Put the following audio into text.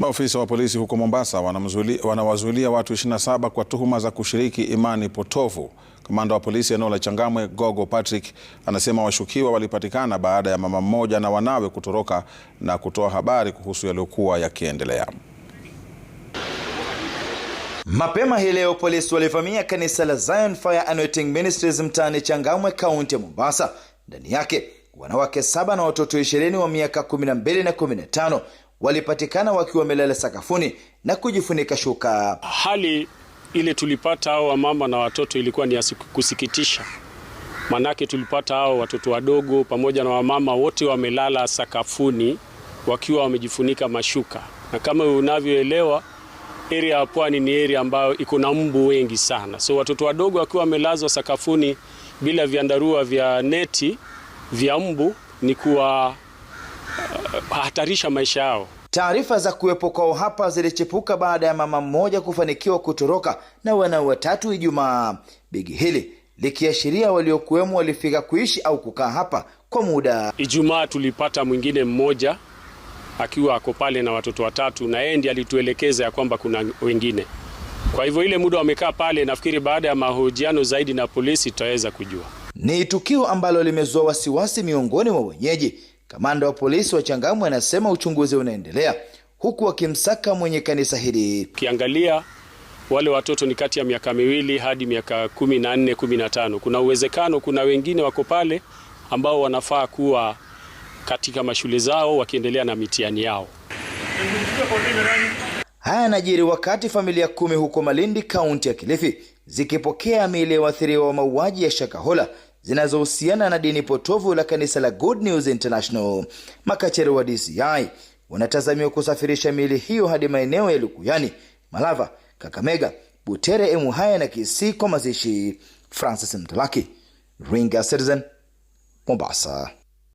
Maofisa wa polisi huko Mombasa wanawazuilia watu 27 kwa tuhuma za kushiriki imani potofu. Kamanda wa polisi eneo la Changamwe, Gogo Patrick, anasema washukiwa walipatikana baada ya mama mmoja na wanawe kutoroka na kutoa habari kuhusu yaliyokuwa yakiendelea. Mapema hii leo polisi walivamia kanisa la Zion Fire Anointing Ministries mtaani Changamwe, kaunti ya Mombasa. Ndani yake wanawake saba na watoto ishirini wa miaka 12 na 15 walipatikana wakiwa wamelala sakafuni na kujifunika shuka. Hali ile tulipata hao wamama na watoto ilikuwa ni ya kusikitisha, manake tulipata hao watoto wadogo pamoja na wamama wote wamelala sakafuni wakiwa wamejifunika mashuka, na kama unavyoelewa eria ya pwani ni eria ambayo iko na mbu wengi sana, so watoto wadogo wakiwa wamelazwa sakafuni bila vyandarua vya neti vya mbu ni kuwa hatarisha maisha yao. Taarifa za kuwepo kwao hapa zilichepuka baada ya mama mmoja kufanikiwa kutoroka na wanao watatu Ijumaa, begi hili likiashiria waliokuwemo walifika kuishi au kukaa hapa kwa muda. Ijumaa tulipata mwingine mmoja akiwa ako pale na watoto watatu, na yeye ndiye alituelekeza ya kwamba kuna wengine. Kwa hivyo ile muda wamekaa pale, nafikiri baada ya mahojiano zaidi na polisi tutaweza kujua. Ni tukio ambalo limezua wasiwasi miongoni mwa wenyeji Kamanda wa polisi wa Changamwe anasema uchunguzi unaendelea huku wakimsaka mwenye kanisa hili. Ukiangalia wale watoto ni kati ya miaka miwili hadi miaka kumi na nne kumi na tano Kuna uwezekano kuna wengine wako pale ambao wanafaa kuwa katika mashule zao wakiendelea na mitihani yao. Haya yanajiri wakati familia kumi huko Malindi, kaunti ya Kilifi zikipokea miili ya waathiriwa wa mauaji ya Shakahola zinazohusiana na dini potovu la kanisa la Good News International. Makachero wa DCI wanatazamiwa kusafirisha miili hiyo hadi maeneo ya Lukuyani, Malava, Kakamega, Butere, Emuhaya na Kisii kwa mazishi. Francis Mtalaki, Ringa Citizen, Mombasa.